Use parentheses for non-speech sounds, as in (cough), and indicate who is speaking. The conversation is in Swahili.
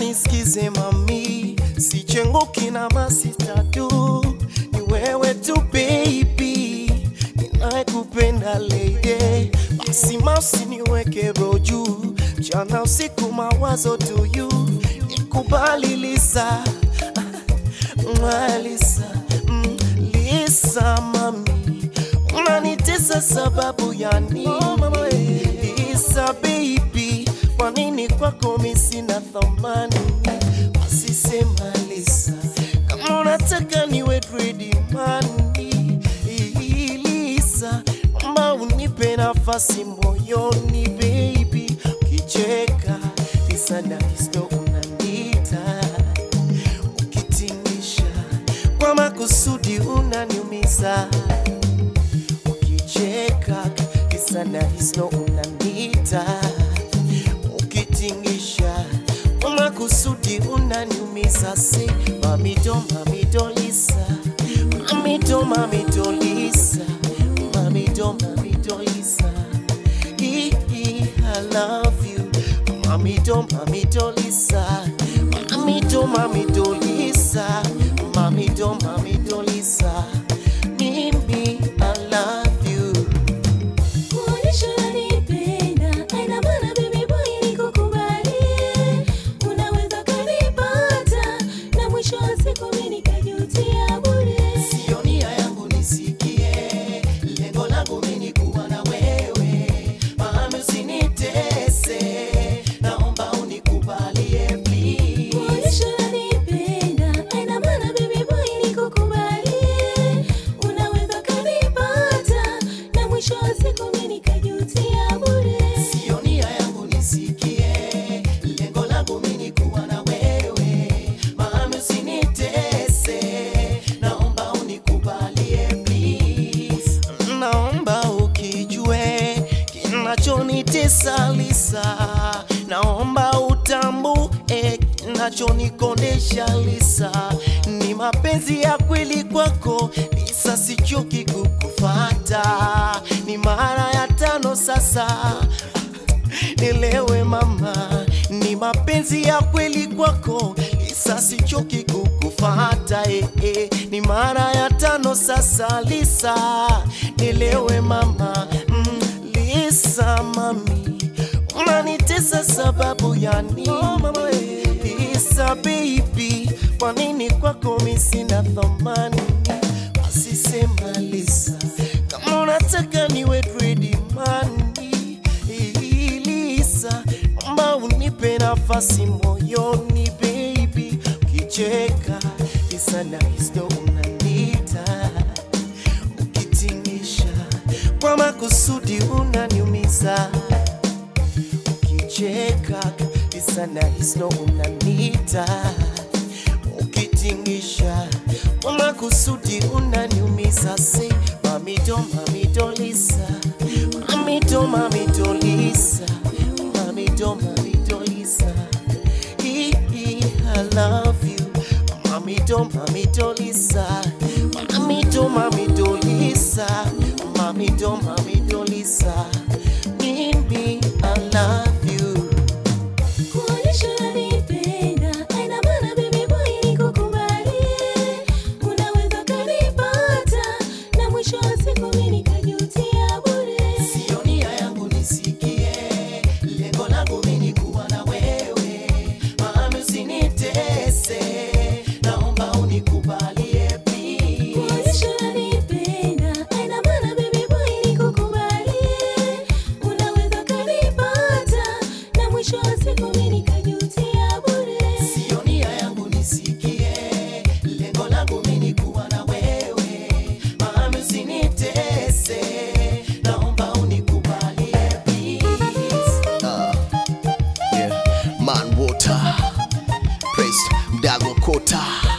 Speaker 1: Nisikize mami, sichenguki na masitata niangalie, mazima usiniweke juu, mchana usiku mawazo tuyu, nikubali Lisa, (laughs) Lisa, mm, Lisa mami, unanitesa sababu ya nini? Oh, Lisa baby, kwa nini kwako mimi sina thamani? Wasisema Lisa, kama unataka niwe greedy nafasi moyoni baby, ukicheka ni sanahisto unanita, ukitingisha kwa makusudi unaniumiza, ukicheka ni sanahisto unanita, ukitingisha kwa makusudi unaniumiza, si mamito mamito Lisa, mamito mamito Lisa, mamito mamito I love you. Mommy do, not mommy do, Lisa. Mommy do, mommy do, Lisa. Mommy do, mommy do, Lisa. unachonikonesha Lisa, ni mapenzi ya kweli kwako Lisa, sichoki kukufata, ni mara ya tano sasa. Nielewe mama, ni mapenzi ya kweli kwako Lisa, sichoki kukufata eh, eh. Ni mara ya tano sasa Lisa, nielewe mama mm, Lisa mami, unanitesa sababu ya nini? Oh, mama, hey. Eh. Sasa baby, kwa nini kwako mimi sina thamani? Asisema Lisa, kama unataka niwe trade man, Lisa, mba unipe nafasi moyoni baby, ukicheka Lisa na isto unanita, ukitingisha kwa makusudi unaniumiza, ukicheka ukisana isno unanita ukitingisha kwa makusudi unaniumiza si mamito mamitolisa mamito mamitolisa mamito mamitolisa I love you mamito mamitolisa mamito mamitolisa mamito mamitolisa mami kota praise mdago kota